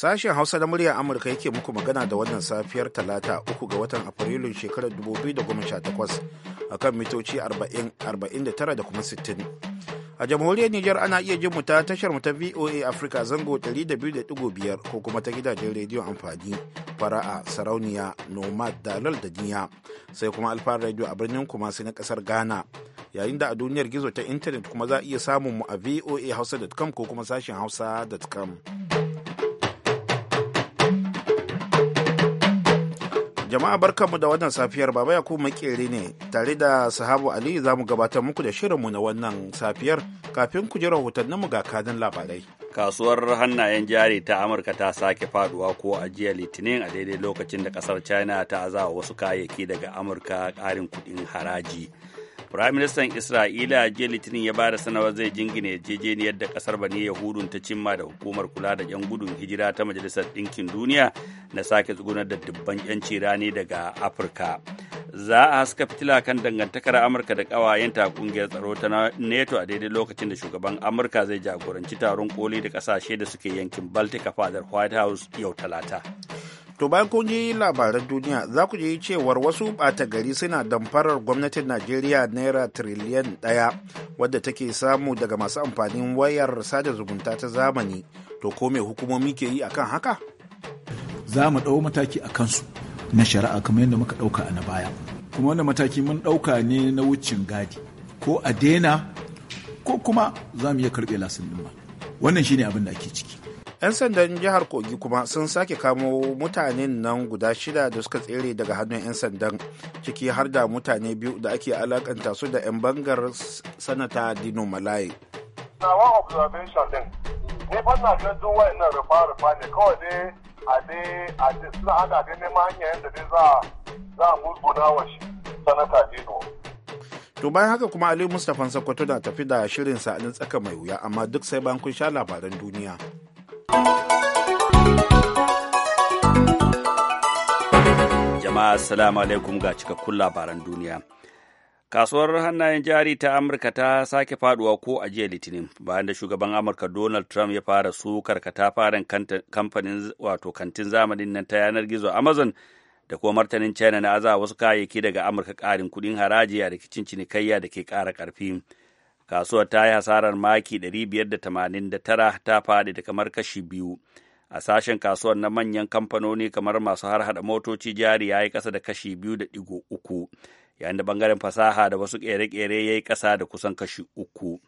Sashen Hausa na muryar Amurka yake muku magana da wannan safiyar Talata uku ga watan Afrilun shekarar 2018 a kan mitoci 49 da kuma 60. A jamhuriyar Nijar ana iya jin mu ta tashar mu ta VOA Africa zango 200.5 ko kuma ta gidajen rediyon amfani fara'a sarauniya nomad dalal da niya sai kuma alfa radio a birnin kuma sai na kasar Ghana yayin da a duniyar gizo ta intanet kuma za a iya samun mu a voa hausa.com ko kuma sashen hausa.com. jama'a barkanmu da wannan safiyar baba ya kuma makere ne tare da sahabu aliyu za mu gabatar muku da shirinmu na wannan safiyar kafin ku ji mu ga kadin labarai kasuwar hannayen jari ta amurka ta sake faduwa ko a jiya litinin a daidai lokacin da kasar china ta azawa wasu kayayyaki daga amurka karin kudin haraji Firaministan Isra'ila jiya Litinin ya bada sanarwar zai jingine yarjejeniyar da kasar Bani Yahudun ta cimma da hukumar kula da 'yan gudun hijira ta Majalisar Ɗinkin Duniya na sake tsugunar da dubban 'yanci rani daga Afirka. Za a haska fitila kan dangantakar Amurka da ƙawayenta ƙungiyar tsaro ta NATO a daidai lokacin da shugaban Amurka zai jagoranci taron koli da ƙasashe da suke yankin Baltic a fadar White House yau Talata. To bayan kun ji labaran duniya za ku ji cewar wasu ɓata gari suna damfarar gwamnatin Najeriya naira tiriliyan ɗaya wadda take samu daga masu amfanin wayar sada zumunta ta zamani. To ko me hukumomi ke yi akan haka? Za mu ɗau mataki a kansu na shari'a kamar yadda muka ɗauka a na baya. Kuma wanda mataki mun ɗauka ne na wucin gadi ko a daina ko kuma za mu iya karɓe lasin ɗin ma. Wannan shine abin da ake ciki. 'yan sandan jihar kogi kuma sun sake kamo mutanen nan guda shida da suka tsere daga hannun 'yan sandan ciki har da mutane biyu da ake alakanta su da 'yan bangar sanata dino malaye to bayan haka kuma ali mustapha sakwato na tafi da shirinsa na tsaka mai wuya amma duk sai bayan kun sha labaran duniya Jama'a assalamu alaikum ga cikakkun labaran duniya. Kasuwar hannayen jari ta Amurka ta sake faduwa ko a jiya Litinin bayan da shugaban Amurka Donald Trump ya fara sukar ta farin kamfanin wato kantin zamanin nan ta yanar gizo Amazon da kuma martanin China na aza wasu kayayyaki daga Amurka ƙarin kuɗin haraji a rikicin cinikayya da ke ƙara ƙarfi. kasuwar ta yi hasarar maki 589 ta faɗi da kamar kashi biyu a sashen kasuwar na manyan kamfanoni kamar masu har hada motoci jari ya yi kasa da kashi biyu da ɗigo uku yayin da bangaren fasaha da wasu ƙere kere ya yi kasa da kusan kashi uku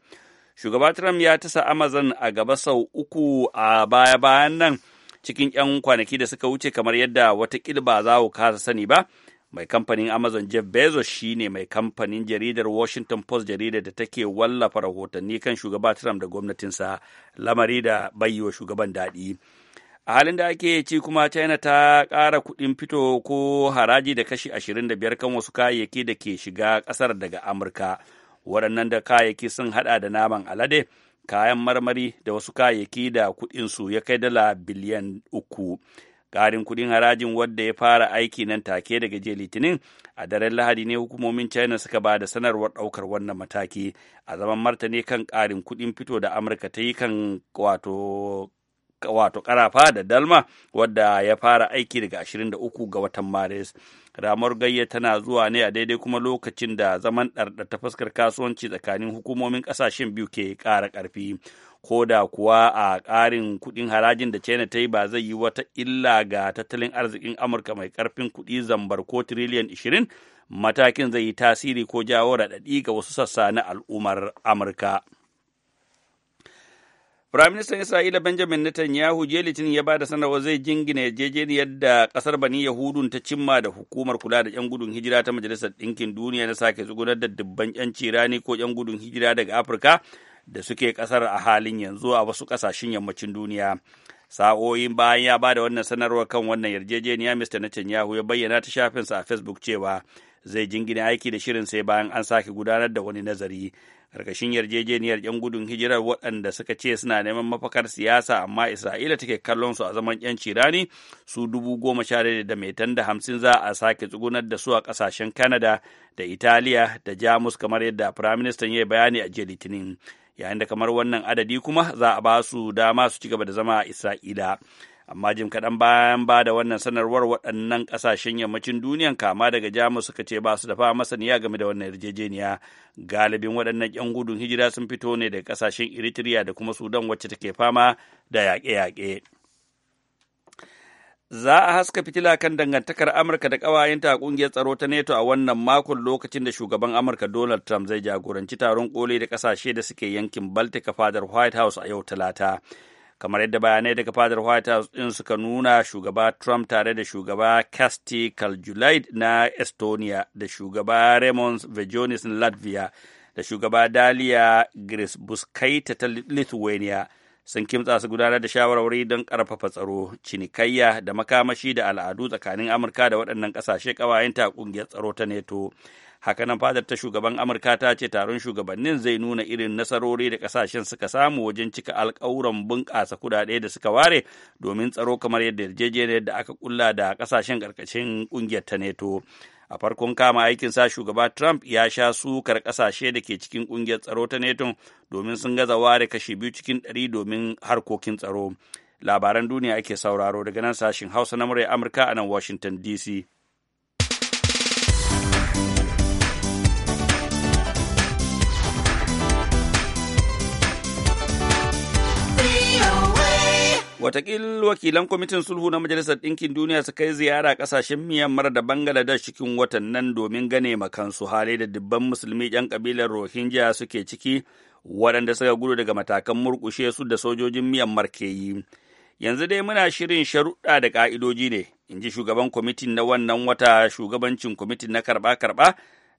shugaba trump ya tasa amazon a gaba sau uku a baya-bayan nan cikin 'yan kwanaki da suka wuce kamar yadda wata ba za ku kasa sani ba mai kamfanin amazon jeff bezos shine mai kamfanin jaridar washington post jaridar da take wallafa rahotanni kan shugaba trump da gwamnatinsa lamari da baiwa shugaban daɗi a halin da ake ci kuma china ta ƙara kuɗin fito ko haraji da kashi 25 kan wasu kayayyaki da ke shiga ƙasar daga amurka waɗannan da kayayyaki sun haɗa da naman alade kayan marmari da wasu kayayyaki da kuɗinsu ya kai dala biliyan uku ƙarin kuɗin harajin wadda ya fara aiki nan take daga jiya litinin a daren lahadi ne hukumomin china suka ba da sanarwar ɗaukar wannan mataki a zaman martani kan ƙarin kuɗin fito da amurka ta yi kan wato wato ƙarafa da dalma wadda ya fara aiki daga 23 ga watan maris ramar gayya tana zuwa ne a daidai kuma lokacin da zaman ɗarɗa ta fuskar kasuwanci tsakanin hukumomin ƙasashen biyu ke ƙara ƙarfi ko da kuwa a ƙarin kuɗin harajin da china ta yi ba zai yi wata illa ga tattalin arzikin amurka mai ƙarfin kuɗi zambar ko tiriliyan ishirin matakin zai yi tasiri ko jawo raɗaɗi ga wasu sassa na al'ummar amurka. Firaministan Isra'ila Benjamin Netanyahu je Litinin ya ba da sanarwar zai jingina yarjejeniyar da ƙasar Bani Yahudun ta cimma da hukumar kula da 'yan gudun hijira ta Majalisar Ɗinkin Duniya na sake tsugunar da dubban 'yan cirani ko 'yan gudun hijira daga Afirka da suke ƙasar a halin yanzu a wasu ƙasashen yammacin duniya. Sa'o'in bayan ya ba da wannan sanarwar kan wannan yarjejeniya, Mr. Netanyahu ya bayyana ta shafinsa a Facebook cewa zai jingina aiki da shirin sai bayan an sake gudanar da wani nazari karkashin yarjejeniyar 'yan gudun hijirar waɗanda suka ce suna neman mafakar siyasa amma isra'ila take kallon su a zaman 'yan cirani su dubu goma sha da mai da hamsin za a sake tsugunar da su a ƙasashen kanada da italiya da jamus kamar yadda firaministan ya yi bayani a jiya litinin yayin da kamar wannan adadi kuma za a ba su dama su ci gaba da zama a isra'ila amma jim kaɗan bayan ba da wannan sanarwar waɗannan ƙasashen yammacin duniyan kama daga jamus suka ce ba su da masaniya game da wannan yarjejeniya galibin waɗannan 'yan gudun hijira sun fito ne daga ƙasashen eritrea da kuma sudan wacce take fama da yaƙe-yaƙe za a haska fitila kan dangantakar amurka da ƙawayenta a ƙungiyar tsaro ta neto a wannan makon lokacin da shugaban amurka donald trump zai jagoranci taron ƙoli da ƙasashe da suke yankin baltic a fadar white house a yau talata kamar yadda bayanai daga fadar white house din suka nuna shugaba trump tare da shugaba kasti kaljulaid na estonia da shugaba raymond vejonis na latvia da shugaba dalia gris buskaita ta lithuania sun kimtsa su gudanar da shawarwari don karfafa tsaro cinikayya da makamashi da al'adu tsakanin amurka da waɗannan ƙasashe ta ƙungiyar tsaro ta nato. hakanan fadar ta shugaban amurka ta ce taron shugabannin zai nuna irin nasarori da kasashen suka samu wajen cika alkawuran bunƙasa kudade da suka ware domin tsaro kamar yadda yarjejeniyar da aka kulla da kasashen karkashin ƙungiyar ta neto a farkon kama aikin sa shugaba trump ya sha sukar kasashe da ke cikin kungiyar tsaro ta neto domin sun gaza ware kashi biyu cikin ɗari domin harkokin tsaro labaran duniya ake sauraro daga nan sashin hausa na murya amurka a nan washington dc Watakil wakilan kwamitin sulhu na Majalisar Ɗinkin Duniya su kai ziyara ƙasashen Myanmar da Bangladesh cikin watan nan domin gane makansu hali da dubban musulmi 'yan ƙabilar Rohingya suke ciki waɗanda suka gudu daga matakan murƙushe su da sojojin Myanmar ke yi. Yanzu dai muna shirin sharuɗa da ƙa'idoji ne, in ji shugaban kwamitin na wannan wata shugabancin kwamitin na karɓa-karɓa,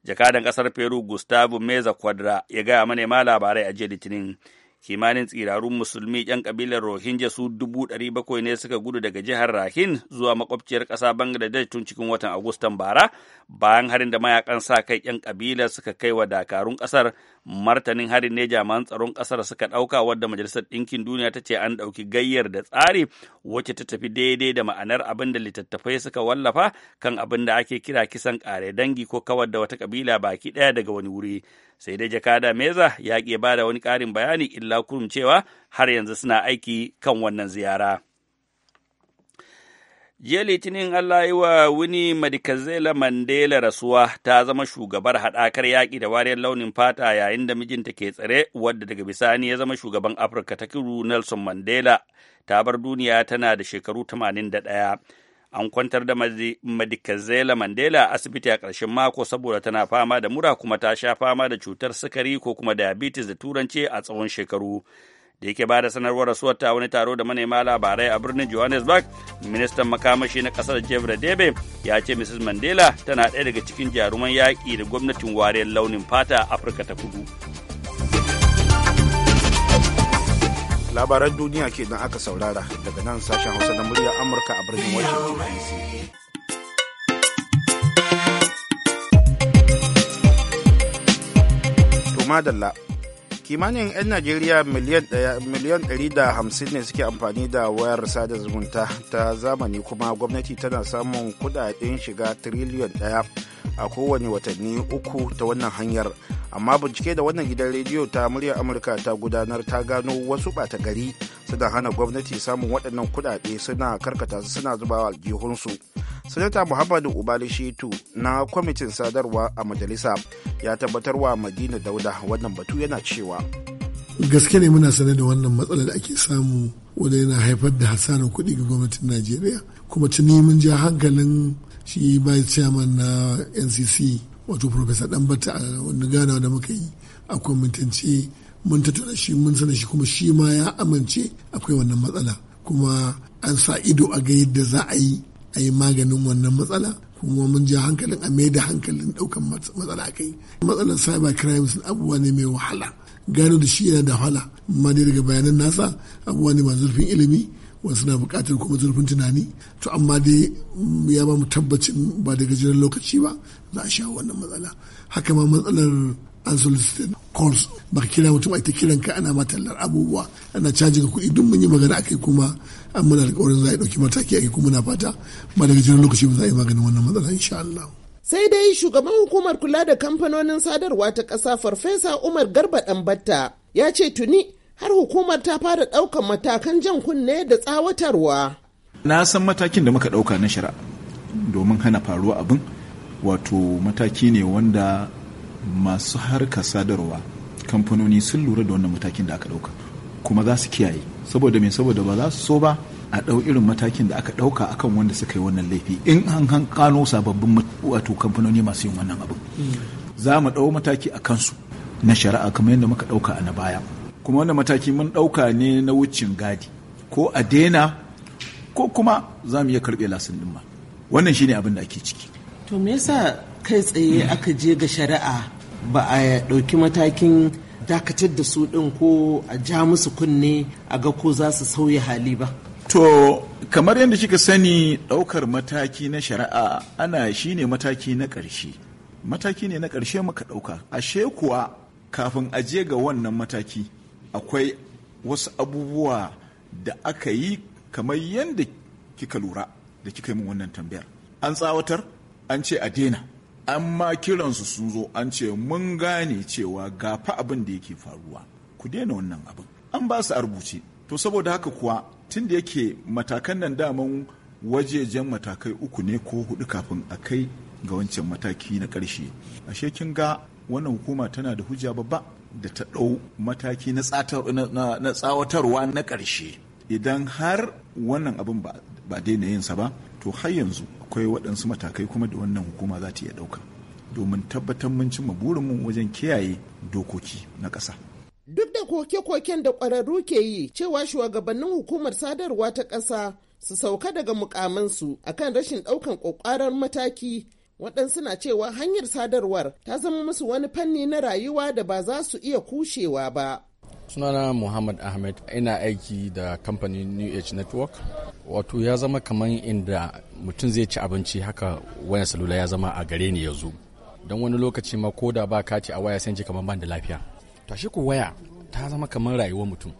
jakadan ƙasar Peru Gustavo Meza kwadra ya gaya mana, manema labarai a jiya Litinin. kimanin tsirarun musulmi 'yan kabilar rohingya su dubu ɗari bakwai ne suka gudu daga jihar rahin zuwa makwabciyar ƙasa bangladesh tun cikin watan agustan bara bayan harin da mayakan sa kai 'yan kabilar suka kai wa dakarun ƙasar martanin harin ne jami'an tsaron ƙasar suka ɗauka wadda majalisar ɗinkin duniya ta ce an ɗauki gayyar da tsari wacce ta tafi daidai da ma'anar abin da littattafai suka wallafa kan abin da ake kira kisan ƙare dangi ko kawar da wata ƙabila baki ɗaya daga wani wuri sai dai jakada meza ya ke ba wani ƙarin bayani illa kurum cewa har yanzu suna aiki kan wannan ziyara. Jiya Litinin Allah yi wa Winnie madikazela Mandela rasuwa ta zama shugabar haɗakar yaƙi da wariyar launin fata yayin da mijinta ke tsare wadda daga bisani ya zama shugaban Afirka ta kiru Nelson Mandela ta bar duniya tana da shekaru 81. An kwantar da Madikazela Mandela a asibiti a ƙarshen mako saboda tana fama da mura kuma ta sha fama da cutar sukari ko kuma diabetes da turanci a tsawon shekaru. da yake ba da sanarwar rasuwar ta wani taro da manema labarai a birnin johannesburg ministan makamashi na kasar jeffrey debe ya ce mrs mandela tana ɗaya daga cikin jaruman yaƙi da gwamnatin wariyar launin fata a afirka ta kudu labaran duniya ke nan aka saurara daga nan sashen hausa na murya amurka a birnin washington dc to madalla kimanin 'yan najeriya miliyan 150 ne suke amfani da wayar sada zumunta ta zamani kuma gwamnati tana samun kudaden shiga tiriliyon daya a kowane watanni uku ta wannan hanyar amma bincike da wannan gidan rediyo ta muryar amurka ta gudanar ta gano wasu ɓata gari suna hana gwamnati samun waɗannan kuɗaɗe suna karkata su suna zubawa aljihunsu sanata muhammadu ubali shetu na kwamitin sadarwa a majalisa ya tabbatar wa madina dauda wannan batu yana cewa gaske ne muna sane da wannan matsalar da ake samu wanda yana haifar da hasarar kuɗi ga gwamnatin najeriya kuma tuni mun ja hankalin shi bai chairman na ncc wato professor danbata a wani gana da muka yi a kwamintance mun tattauna shi mun sanar shi kuma shi ma ya amince akwai wannan matsala kuma an sa ido a ga yadda za a yi a yi maganin wannan matsala kuma mun ji hankalin a mai da hankalin daukan matsala kai matsalar cyber crimes abubuwa ne mai wahala gano da shi yana da wahala amma daga bayanan nasa abubuwa ne masu zurfin ilimi wasu na buƙatar kuma zurfin tunani to amma dai mm, ya ba mu tabbacin ba da gajeren lokaci ba za a sha wannan matsala haka ma matsalar unsolicited calls ba ka kira mutum ita kiran ka ana ma tallar abubuwa ana cajin kuɗi duk mun yi magana akai kuma an muna za a ɗauki mataki akai kuma na fata ba da gajeren lokaci ba za a yi maganin wannan matsala insha Allah. sai dai shugaban hukumar kula da kamfanonin sadarwa ta ƙasa farfesa umar garba ɗanbatta ya ce tuni har hukumar ta fara ɗaukar matakan jan kunne da tsawatarwa. Na san matakin da muka ɗauka na shari'a domin hana faruwa abin wato mataki ne wanda masu harka sadarwa kamfanoni sun lura da wannan matakin da aka ɗauka kuma za su kiyaye saboda me saboda ba za su so ba a ɗau irin matakin da aka ɗauka akan wanda suka yi wannan laifi in an kano sababbin wato kamfanoni masu yin wannan abin hmm. za mu ɗau mataki a kansu na shari'a kamar yadda muka ɗauka a na baya kuma wannan mataki mun ɗauka ne na wucin gadi ko a daina ko kuma za mu iya karɓe lasin ɗin ma wannan shine abin da ake ciki to me yasa kai tsaye aka je ga shari'a ba a ɗauki matakin dakatar da su ɗin ko a ja musu kunne a ga ko za su sauya hali ba to kamar yadda kika sani ɗaukar mataki na shari'a ana shine mataki na ƙarshe mataki ne na ƙarshe muka ɗauka ashe kuwa kafin aje ga wannan mataki akwai wasu abubuwa da aka yi kamar yadda kika lura da kika yi min wannan tambayar an tsawatar an ce a daina an ma kiransu sun zo an ce mun gane cewa gafa abin da yake faruwa ku daina wannan abin an ba su a rubuce to saboda haka kuwa tun da yake matakan nan daman wajejen matakai uku ne ko hudu kafin a kai ga wancan mataki na ƙarshe ashe kin ga wannan hukuma tana da hujja babba da ta ɗau mataki na tsawatarwa na ƙarshe idan har wannan abin ba daina yinsa ba to har yanzu akwai waɗansu matakai kuma da wannan hukuma za ta iya ɗauka domin tabbatar mun cimma burinmu wajen kiyaye dokoki na ƙasa. Duk da koke-koken da ƙwararru ke yi cewa shugabannin hukumar sadarwa ta ƙasa su sauka daga mukamansu akan rashin ɗaukan ƙwaƙwaran mataki waɗansu na cewa hanyar sadarwar ta zama musu wani fanni na rayuwa da ba za su iya kushewa ba. sunana muhammad ahmed ina aiki da kamfanin new age network wato ya zama kamar inda mutum zai ci abinci haka wayan salula ya zama a gare ni yanzu don wani lokaci ma ko da ba ka ci a waya sai ji kamar ban da lafiya tashi ko waya ta zama kamar rayuwar mutum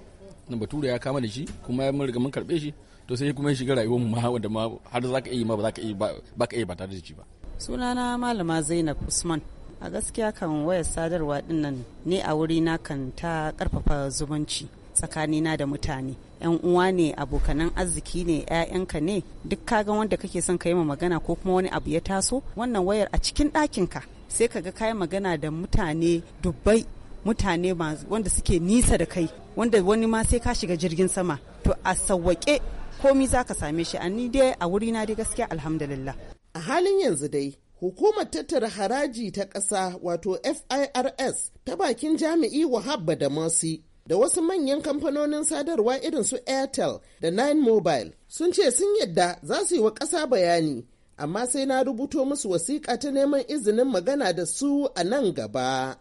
na bature ya kama da shi kuma ya riga mun karbe shi to sai kuma ya shiga rayuwar mu ma wanda ma har za ka iya ma ba za ka iya ba ka iya ba tare da shi ba sunana malama zainab usman a gaskiya kan wayar sadarwa dinnan ne a wuri na kan ta karfafa zumunci tsakanina da mutane yan uwa ne abokanan arziki ne 'ya'yanka ne duk kaga wanda kake son ka yi ma magana ko kuma wani abu ya taso wannan wayar a cikin ɗakin ka sai ka ga kayan magana da mutane dubbai mutane wanda suke nisa da kai wanda wani ma sai ka shiga jirgin sama to a sawwake komi za ka same shi a ni dai a wuri na dai gaskiya alhamdulillah A halin yanzu dai, hukumar tattara haraji ta ƙasa wato FIRS ta bakin jami'i Wahab da mosi da wasu manyan kamfanonin sadarwa irin su Airtel da Nine Mobile sun ce sun yadda za su yi wa ƙasa bayani, amma sai na rubuto musu wasiƙa ta neman izinin magana da su a nan gaba.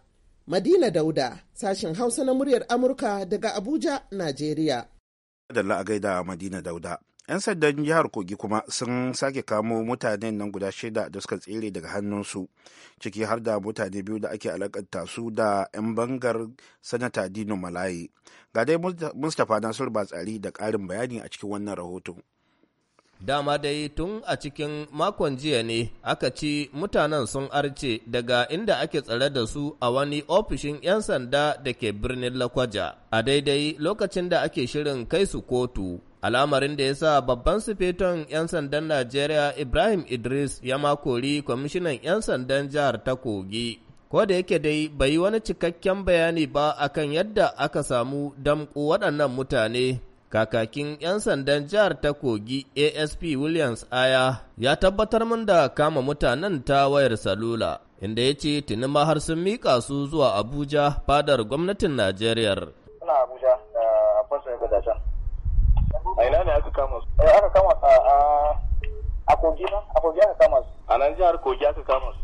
Madina Dauda, sashen Hausa na muryar Amurka daga Abuja, Najeriya. Madalla a gaida Madina Dauda. 'yan sandan jihar kogi kuma sun sake kamo mutane nan guda shida da suka tsere daga hannunsu ciki har da mutane biyu da ake alakanta su da 'yan bangar sanata dino malaye ga dai mustapha nasiru batsari da karin bayani a cikin wannan rahoto dama dai tun a cikin makon jiya ne aka ci mutanen sun arce daga inda ake tsare da su a wani ofishin 'yan sanda da ke birnin lakwaja a daidai lokacin da ake shirin kai su kotu al'amarin da ya sa babban sufeton 'yan sandan Najeriya Ibrahim Idris ya makori kwamishinan 'yan sandan jihar ta kogi. Ko da yake dai bai yi wani cikakken bayani ba akan yadda aka samu damƙo waɗannan mutane. Kakakin 'yan sandan jihar ta kogi ASP Williams Aya ya tabbatar min da kama mutanen ta wayar salula, inda ya ce tuni ma har sun mika su zuwa Abuja fadar gwamnatin Najeriya. Suna Abuja, eh, a a ina ne aka kama su eh aka kama su a a kogi na a kogi aka kama su a nan jihar kogi aka kama su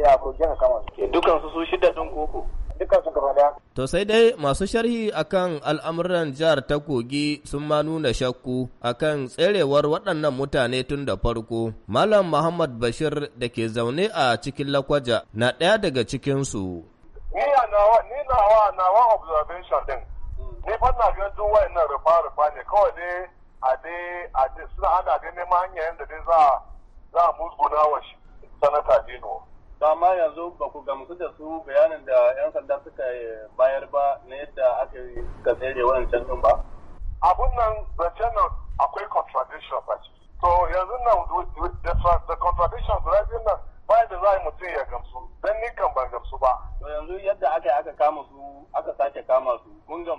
eh a kogi aka kama su eh, dukan su su shida din koko dukkan su gaba daya to sai dai masu sharhi akan al'amuran jihar ta kogi sun ma nuna shakku akan tserewar waɗannan mutane tun da farko malam muhammad bashir da ke zaune a cikin lakwaja na ɗaya daga cikinsu ni nawa observation din ne fa na ga duk wayannan rufa rufa ne kawai dai a dai a dai suna ana ne neman hanyar da dai za za a musguna wa sanata Dino ba ma yanzu ba ku gamsu da su bayanin da yan sanda suka eh, bayar ba na yadda aka yi ka tsere wancan din ba abun nan zancen nan akwai contradiction ba. ciki to yanzu nan da contradiction right nan bayan da za a yi mutum ya gamsu don ni kan ban gamsu ba to yanzu yadda aka aka kama su aka sake kama su mun ga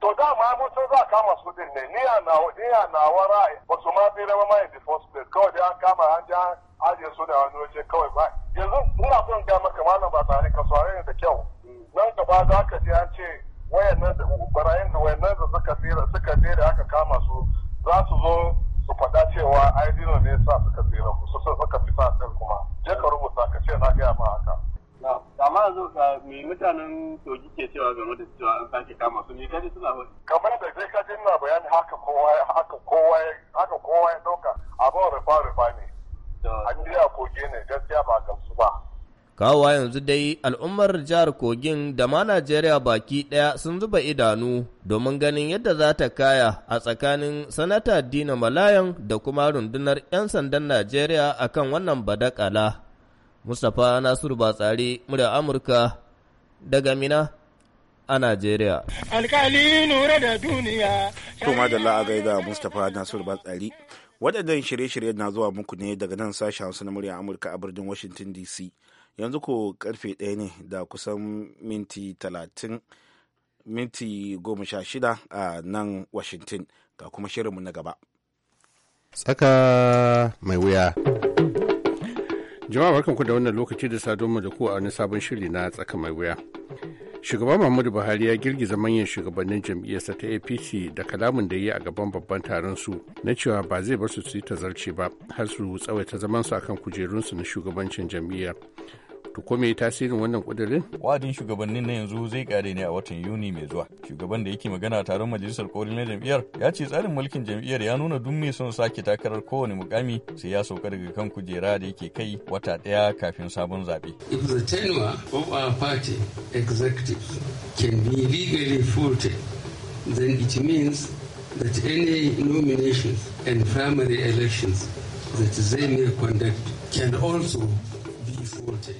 to dama mun san za a kama su din ne niya na niya na wara ba su ma bi rama mai first place kawai dai an kama an ja aje su da wani waje kawai ba yanzu ina son ga maka malam ba tare ka sware da kyau mm. nan gaba za ka je an ce wayannan da barayin da wayannan da suka tsira suka je da aka kama su za su zo su faɗa cewa ai dino ne sa suka tsira su suka fita din kuma je ka rubuta ka ce na gaya ma haka amma ka me mutanen ke cewa game da cewa an sake kama su ne kaji suna kamar da zai kaji bayani haka kowa haka kowa haka kowa ya dauka abin rufa rufa ne an biya koge ne gaskiya ba gamsu ba. kawowa yanzu dai al'ummar jihar kogin da ma najeriya baki ɗaya sun zuba idanu domin ganin yadda za ta kaya a tsakanin sanata dina malayan da kuma rundunar 'yan sandan najeriya akan wannan badakala. Mustapha Nasiru Batsari, murya Amurka daga Mina a Najeriya. Alkali nura da duniya. kuma da la'agai ga Mustapha Nasiru Batsari. Waɗannan shirye-shirye na zuwa muku ne daga nan sashen Hausa na murya Amurka a birnin Washington DC. Yanzu ko karfe ɗaya ne da kusan minti talatin minti goma sha shida a nan Washington ga kuma shirinmu na gaba. Tsaka mai wuya. Jama'a barkanku da wannan lokaci da sadonmu da ku a wani sabon shiri na tsaka mai wuya. Shugaban mahmudu Buhari ya girgiza manyan shugabannin jam'iyyarsa ta APC da kalamin da yi a gaban babban taron su na cewa ba zai bar su su yi ba har su tsawaita zaman su akan kujerunsu na shugabancin jam'iyyar. To ko me tasirin wannan kudirin? Wa'adin shugabannin na yanzu zai kare ne a watan Yuni mai zuwa. Shugaban da yake magana a taron majalisar koli na jam'iyyar ya ce tsarin mulkin jam'iyyar ya nuna duk mai son sake takarar kowane mukami sai ya sauka daga kan kujera da yake kai wata ɗaya kafin sabon zaɓe. If the tenure of our party executive can be legally faulted, then it means that any nominations and primary elections that they may conduct can also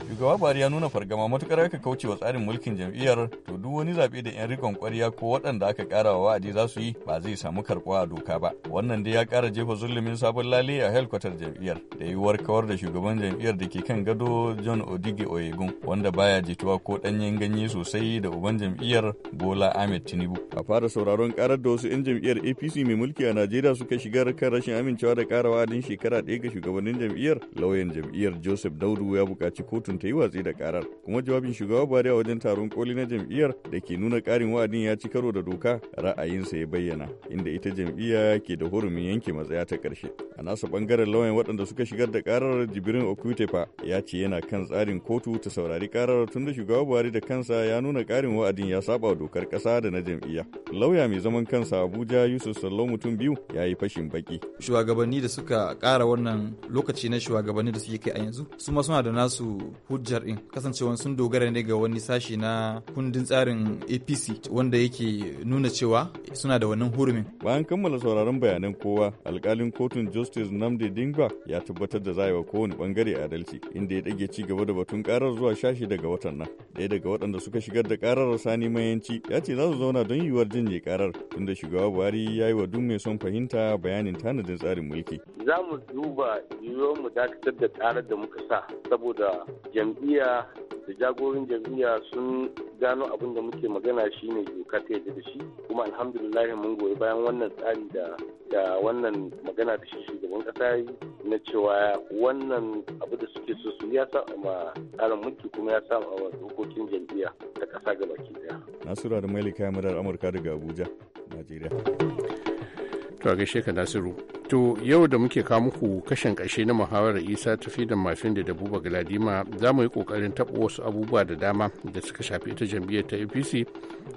Shugaba bari ya nuna fargama matukar aka kauce wa tsarin mulkin jam'iyyar to duk wani zaɓe da 'yan rikon ƙwarya ko waɗanda aka ƙara wa wa'adi za su yi ba zai samu karɓuwa a doka ba. Wannan dai ya ƙara jefa zulumin sabon lale a helkwatar jam'iyyar da yiwuwar kawar da shugaban jam'iyyar da ke kan gado John Odige Oyegun wanda baya jituwa ko ɗanyen ganye sosai da uban jam'iyyar Bola Ahmed Tinubu. A fara sauraron karar da wasu 'yan jam'iyyar APC mai mulki a Najeriya suka shigar kan rashin amincewa da ƙara wa'adin shekara ɗaya ga shugabannin jam'iyyar lauyan jam'iyyar Joseph Daudu ya buƙaci ci kotun ta yi watsi da karar kuma jawabin shugaba buhari a wajen taron koli na jam'iyyar da ke nuna karin wa'adin ya ci karo da doka ra'ayinsa ya bayyana inda ita jam'iyya ke da hurumin yanke matsaya ta karshe a nasa bangaren lauyan waɗanda suka shigar da karar jibirin okutefa ya ce yana kan tsarin kotu ta saurari karar tun da shugaba buhari da kansa ya nuna karin wa'adin ya saba dokar ƙasa da na jam'iyya lauya mai zaman kansa abuja yusuf sallau mutum biyu ya yi fashin baki shugabanni da suka ƙara wannan lokaci na shugabanni da suke kai a yanzu su ma suna da nasu su hujjar din kasancewa sun dogara ne ga wani sashi na kundin tsarin apc wanda yake nuna cewa suna da wannan hurumin bayan kammala sauraron bayanan kowa alkalin kotun justice namdi dingba ya tabbatar da zayewa kowane bangare adalci inda ya dage ci gaba da batun karar zuwa shashi daga watan nan ɗaya daga waɗanda suka shigar da karar sani mayanci ya ce za su zauna don yiwuwar janye karar tunda shugaba buhari ya yi wa duk mai son fahimta bayanin tanadin tsarin mulki za mu duba yiwuwar mu dakatar da karar da muka sa saboda jam'iyya da jagorin jam'iyya sun gano abin da muke magana shine doka ta yadda da shi kuma alhamdulillah mun goyi bayan wannan tsari da da wannan magana da shi shugaban kasa na cewa wannan abu da suke so su ya samu ma tsarin mulki kuma ya sa ma dokokin jam'iyya ta kasa ga baki daya nasura da mailika ya madar amurka daga abuja najeriya to a gaishe ka nasiru To yau da muke kawo muku kashin ƙashe na muhawarar Isa tafi da mafin da Dabuba Galadima za mu yi ƙoƙarin taɓa wasu abubuwa da dama da suka shafi ita jam'iyyar ta APC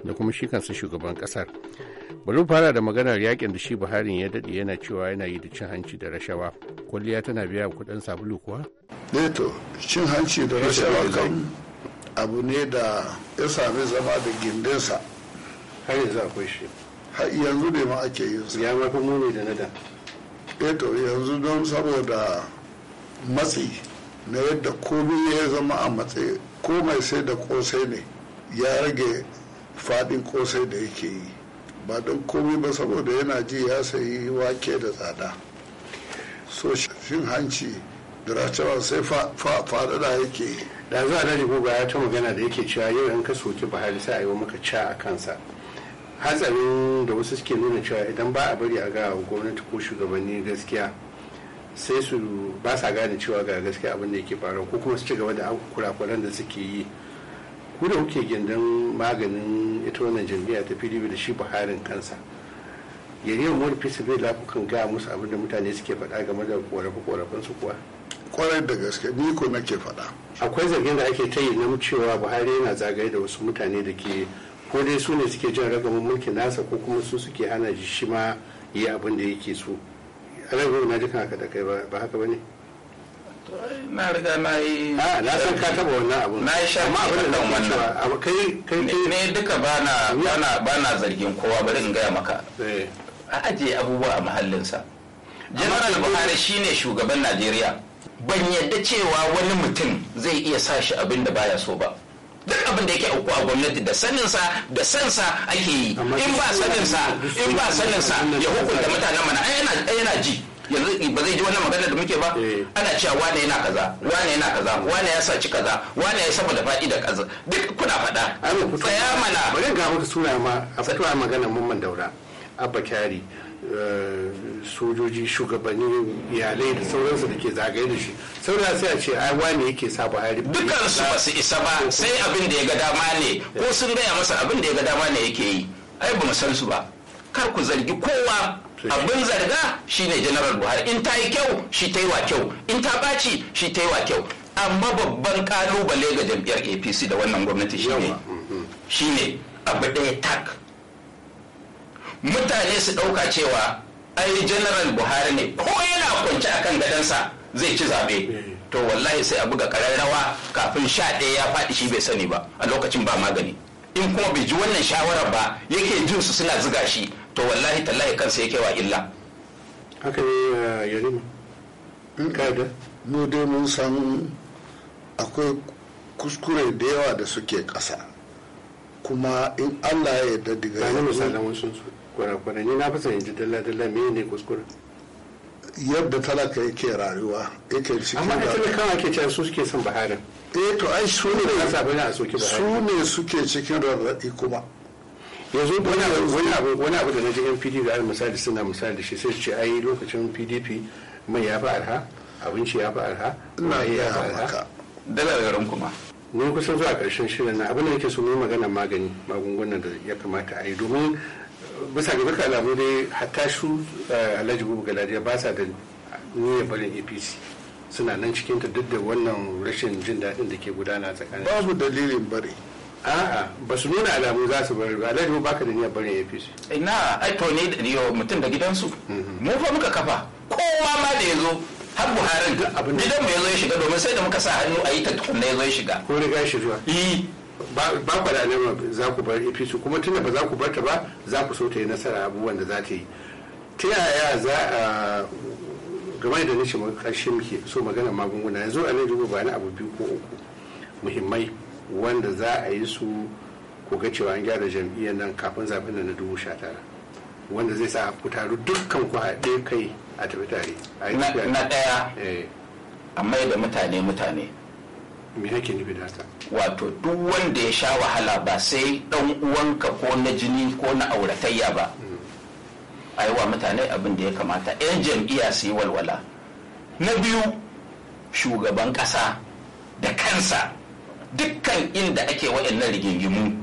da kuma shi kansa shugaban ƙasar. Bari fara da maganar yakin da shi Buhari ya daɗe yana cewa yana yi da cin hanci da rashawa. Kwalliya tana biya kuɗin sabulu kuwa? Eh to cin hanci da rashawa kan abu ne da ya sami zama da gindinsa. Har yanzu akwai shi. Har yanzu ne ma ake yin sa. Ya mafi muni da na da. eto eh yanzu don saboda matsi na yadda komai ya zama a matse komai sai da kosai ne ya rage fadin kosai da yake yi ba don komai ba saboda yana ji ya sayi wake da tsada so shin hanci diracewa sai faɗaɗa yake da za a ko ga ya ta magana da yake cewa yau in ka soki buhari sai a yi wa maka ca a kansa hatsarin da wasu suke nuna cewa idan ba a bari a ga gwamnati ko shugabanni gaskiya sai su ba sa gane cewa ga gaskiya abin da yake faruwa ko kuma su ci gaba da kurakuran da suke yi ku da kuke gindin maganin ita wannan jam'iyya ta pdp da shi buharin kansa yariyar mawar fisa bai kan ga musu abin da mutane suke faɗa game da korafe-korafen su kuwa kwarar da gaske ni ko nake faɗa akwai zargin da ake ta yi na cewa buhari yana zagaye da wasu mutane da ke ko dai su ne suke jin ragamin mulkin nasa ko kuma su suke hana shi ma yi abin da yake so ragamin na jikan haka da kai ba haka bane. na riga na yi ah, na san ka taba wannan abun na yi shafi a da wannan kai kai ne duka bana bana bana zargin kowa bari in gaya maka eh. a ajiye abubuwa a mahallinsa general buhari shine shugaban najeriya ban yadda cewa wani mutum zai iya sa shi abin da baya so ba duk abin da yake auku a gwamnati da saninsa da san sa ake yi in ba sa in ba sa ya hukunta mutanen mana yana ji yanzu ba zai ji wannan magana da muke ba eh. ana cewa wane yana kaza wane yana kaza wane ya saci kaza wane ya saboda faɗi da kaza duk kuna faɗa tsaya mana bari ga wata suna ma a fatuwa magana mun daura abba kyari Eh, sojoji shugabannin iyalai da sauransu da ke zagaye da shi saura sai a ce ai wani yake sa buhari dukkan su ba su isa ba sai abin da ya ga dama ne ko sun gaya masa abin da ya ga dama ne yake yi ai ba san su ba kar ku zargi kowa abin zarga shine general buhari in ta yi kyau shi ta yi wa kyau in ta baci shi ta yi wa kyau amma babban kalubale ga jam'iyyar apc da wannan gwamnati shine mm-hmm. shine abu ɗaya tak mutane su ɗauka cewa ai general buhari ne ko yana kwance akan gadansa zai ci zaɓe to wallahi sai a buga ƙararrawa kafin sha ɗaya ya faɗi shi bai sani ba a lokacin ba magani in kuma bai ji wannan shawarar ba yake jin su suna ziga shi to wallahi tallahi kansa yake wa illa haka ne uh, yarima in ka da mu dai mun san akwai kuskure da yawa da suke ƙasa kuma in allah ya yarda daga yanzu kwana ne na fi yanzu dalla-dalla me ne kuskure yadda talaka yake rayuwa yake cikin amma da talakawa ake cewa su suke son baharin eh to ai su ne su ne suke cikin rarraɗi kuma yanzu wani abu da na ji NPD da da misali suna misali shi sai ce ai lokacin pdp mai ya fi arha abinci ya fi arha na ya fi arha dala garin kuma ne kusan zuwa karshen shirin na abin da yake so magana magani magungunan da ya kamata a yi domin bisa ga duka alamu dai hatta shu eh, alhaji bubu galadiya ba sa da niyya barin apc suna nan cikin ta duk da wannan rashin jin daɗin da ke gudana tsakanin babu dalilin bari a'a ba su nuna alamu za su bari ba alhaji baka da niyya barin apc ina ai to ne da mutum da gidansu mm-hmm. mu fa muka kafa kowa ma da ya zo har buharin gidan mu ya zo ya shiga domin sai da muka sa hannu a yi ta tukunna ya zo ya shiga ko riga shi zuwa eh. ba ku da nema za ku bar apc kuma tunda ba za ku bar ta ba za ku so ta yi nasara abubuwan da za ta yi ta yaya za a game da nace karshe muke so magana magunguna yanzu a nan ba ni abu biyu ko uku muhimmai wanda za a yi su ko ga cewa an gyara jam'iyyar nan kafin zaɓen nan na dubu sha tara wanda zai sa ku taru dukkan ku haɗe kai a tafi tare na ɗaya eh. a mai da mutane mutane me yake nufi da haka wato duk wanda ya sha wahala ba sai dan uwanka ko na jini ko na auratayya ba hmm. aiwa mutane abin da ya kamata 'yan jam'iyya su yi walwala na biyu shugaban kasa. da kansa dukkan inda ake waɗannan rigingimu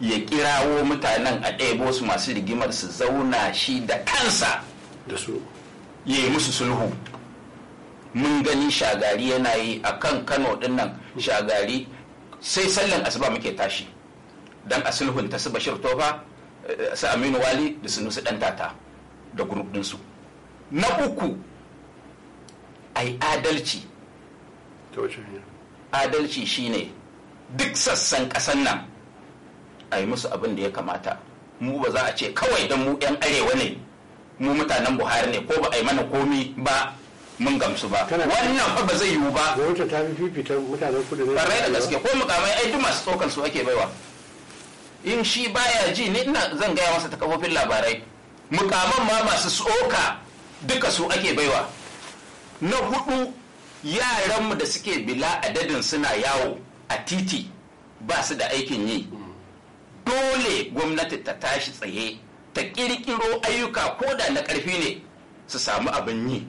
ya kirawo mutanen a ɗaya su masu rigimar su zauna shi da kansa da su ya yi musu sulhu mun gani shagari yana yi a kan kano ɗinnan shagari sai sallan asuba muke tashi Don a sulhunta su bashir tofa eh, su aminu wali da su nusu tata da grup na uku yi adalci adalci shine duk sassan ƙasan nan a yi musu abin da ya kamata mu ba za a ce kawai don mu 'yan arewa ne mu mutanen buhari ne ko ba a yi mana komi ba mun gamsu ba wannan fa ba zai yiwu ba gwamnati ta fi fifita mutanen kudu ne barai da gaske ko mukamai ai duk masu tsokan su ake baiwa in shi baya ji ni ina zan gaya masa ta kafofin labarai mukaman ma masu tsoka duka su ake baiwa na hudu mu da suke bila adadin suna yawo a titi ba su da aikin yi dole gwamnati ta tashi tsaye ta kirkiro ayyuka ko da na karfi ne su samu abin yi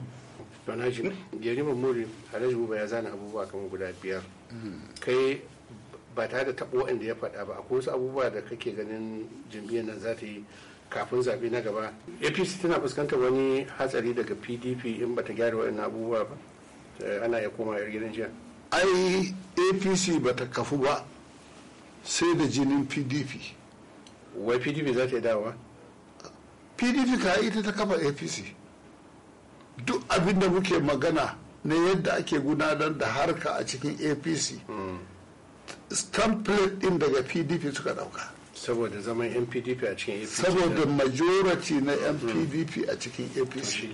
na shi gari mamuri alhaji ya zana abubuwa kamar guda biyar kai ba tare da tabo inda ya faɗa ba akwai wasu abubuwa da kake ganin jam'iyyar nan za ta yi kafin zaɓe na gaba apc tana fuskantar wani hatsari daga pdp in ba ta gyara waɗannan abubuwa ba eh, ana ya koma yar gidan jiya ai apc ba ta kafu ba sai da jinin pdp wai pdp za ta yi dawa pdp ka ita ta kafa apc duk abin da muke magana na yadda ake gudanar da harka a cikin apc stamp din daga pdp suka dauka saboda zaman mpdp a cikin apc saboda majority na mpdp hmm. a cikin apc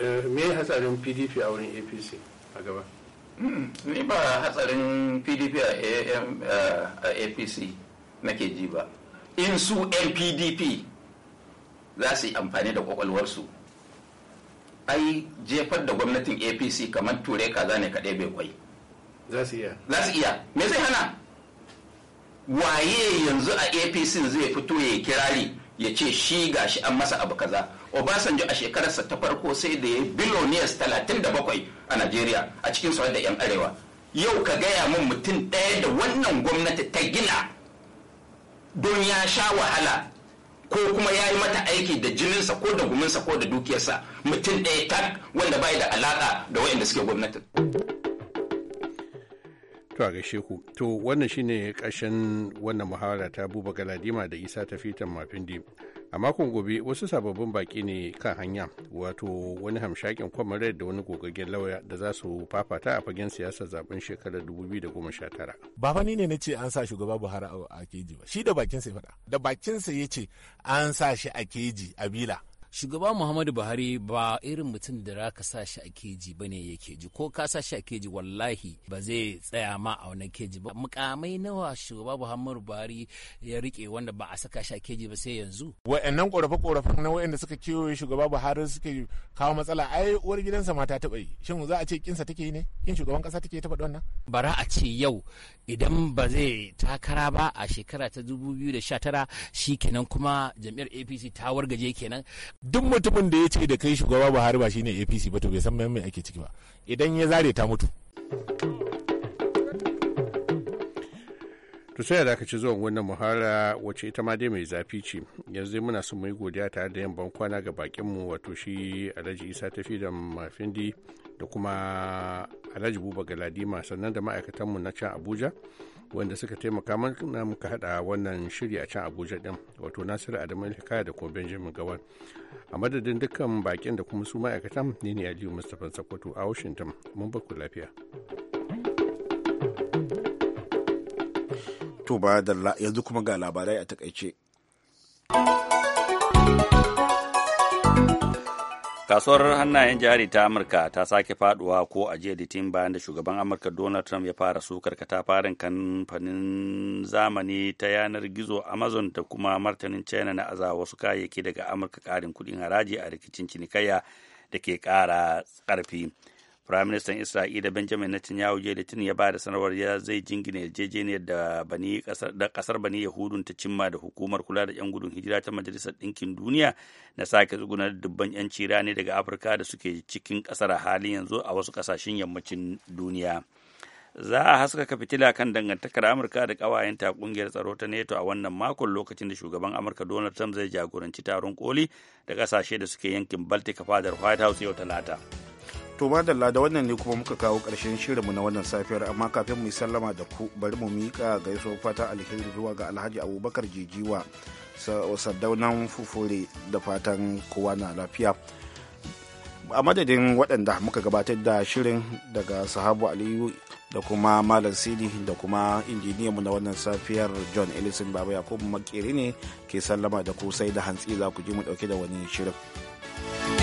eh, me ya hatsarin pdp a wurin apc a gaba hmm, ni ba hatsarin pdp a apc nake ji ba in su mpdp za su yi amfani da kwakwalwarsu ai jefar da gwamnatin apc kamar ture kaza ne kaɗai bai kwai za su iya me zai hana waye yanzu a apc zai fito ya kirari ya ce shi ga shi an masa abu kaza obasanjo a shekararsa ta farko sai da ya biloniyas bakwai a najeriya a cikin sauran da yan arewa yau ka gaya min mutum ɗaya da wannan gwamnati ta gina don ya sha wahala ko kuma ya yi mata aiki da jininsa ko da guminsa ko da dukiyarsa mutum ɗaya tak wanda bai da alaƙa da wainda suke gwamnatin. To a gaishe ku, to wannan shine ƙarshen wannan muhawara ta buba galadima da isa ta fitan mafindi. a makon gobe wasu sababbin baki ne kan hanya wato wani hamshakin kwamarai da wani gogaggen lauya da za su fafata a fagen siyasar zaben shekarar 2019 ba fani ne na ce an sa shugaba buhari a keji ba shi da bakinsa ya faɗa da bakinsa ya ce an sa shi a keji a bila shugaba muhammadu buhari ba irin mutum da raka sa shi a keji ba ne yake ji ko ka sa shi a keji wallahi ba zai tsaya ma a wannan keji ba mukamai nawa shugaba muhammadu buhari ya rike wanda ba a saka shi a keji ba sai yanzu wa'annan korafe korafe na wa'anda suka kewaye shugaba buhari suke kawo matsala ai uwar gidansa ma ta taɓa yi shin za a ce kinsa take yi ne kin shugaban kasa take ta faɗi wannan bara a ce yau idan ba zai takara ba a shekara ta 2019 shi kenan kuma jam'iyyar apc ta wargaje kenan duk mutumin da ya ce da kai shugaba buhari ba shine apc ba to bai san mai ake ciki ba idan ya zare ta mutu to sai da aka ci zuwan wannan muhara wacce ita ma dai mai zafi ce yanzu muna son mu yi godiya tare da yamban kwana ga bakin mu wato shi alhaji isa tafi da mafindi da kuma alhaji buba galadima sannan da ma'aikatan mu na can abuja wanda suka taimaka mana muka hada wannan shiri a can abuja din wato nasiru adamu hikaya da kuma benjamin gawan a madadin dukkan bakin da kuma su ma'aikatan ne ne aliyu mustapha sokoto a washington mun baku lafiya to ba da yanzu kuma ga labarai a takaice kasuwar hannayen jari ta amurka ta sake faduwa ko a jiya ditin bayan da shugaban amurka donald trump ya fara sukar katafaren kamfanin zamani ta yanar gizo amazon da kuma martanin china na aza wasu kayayyaki daga amurka karin kudin haraji a rikicin cinikayya da ke kara karfi Firaministan Isra'ila Benjamin Netanyahu da Litinin ya ba da sanarwar ya zai jingina yarjejeniyar da bani da kasar bani Yahudun ta cimma da hukumar kula da yan gudun hijira ta Majalisar Ɗinkin Duniya na sake tsugunar dubban yan cira ne daga Afirka da suke cikin kasar halin yanzu a wasu kasashen yammacin duniya. Za a haskaka fitila kan dangantakar Amurka da ƙawayenta ƙungiyar tsaro ta NATO a wannan makon lokacin da shugaban Amurka Donald Trump zai jagoranci taron koli da ƙasashe da suke yankin Baltic a fadar White House yau Talata. to madalla da wannan ne kuma muka kawo ƙarshen shirinmu na wannan safiyar amma kafin mu yi sallama da ku bari mu miƙa gaisuwar fata alheri zuwa ga alhaji abubakar jijiwa sadaunan fufure da fatan kowa na lafiya a madadin waɗanda muka gabatar da shirin daga sahabu aliyu da kuma malam sidi da kuma mu na wannan safiyar john ellison baba yakubu makeri ne ke sallama da ku sai da hantsi za ku ji mu ɗauke da wani shirin.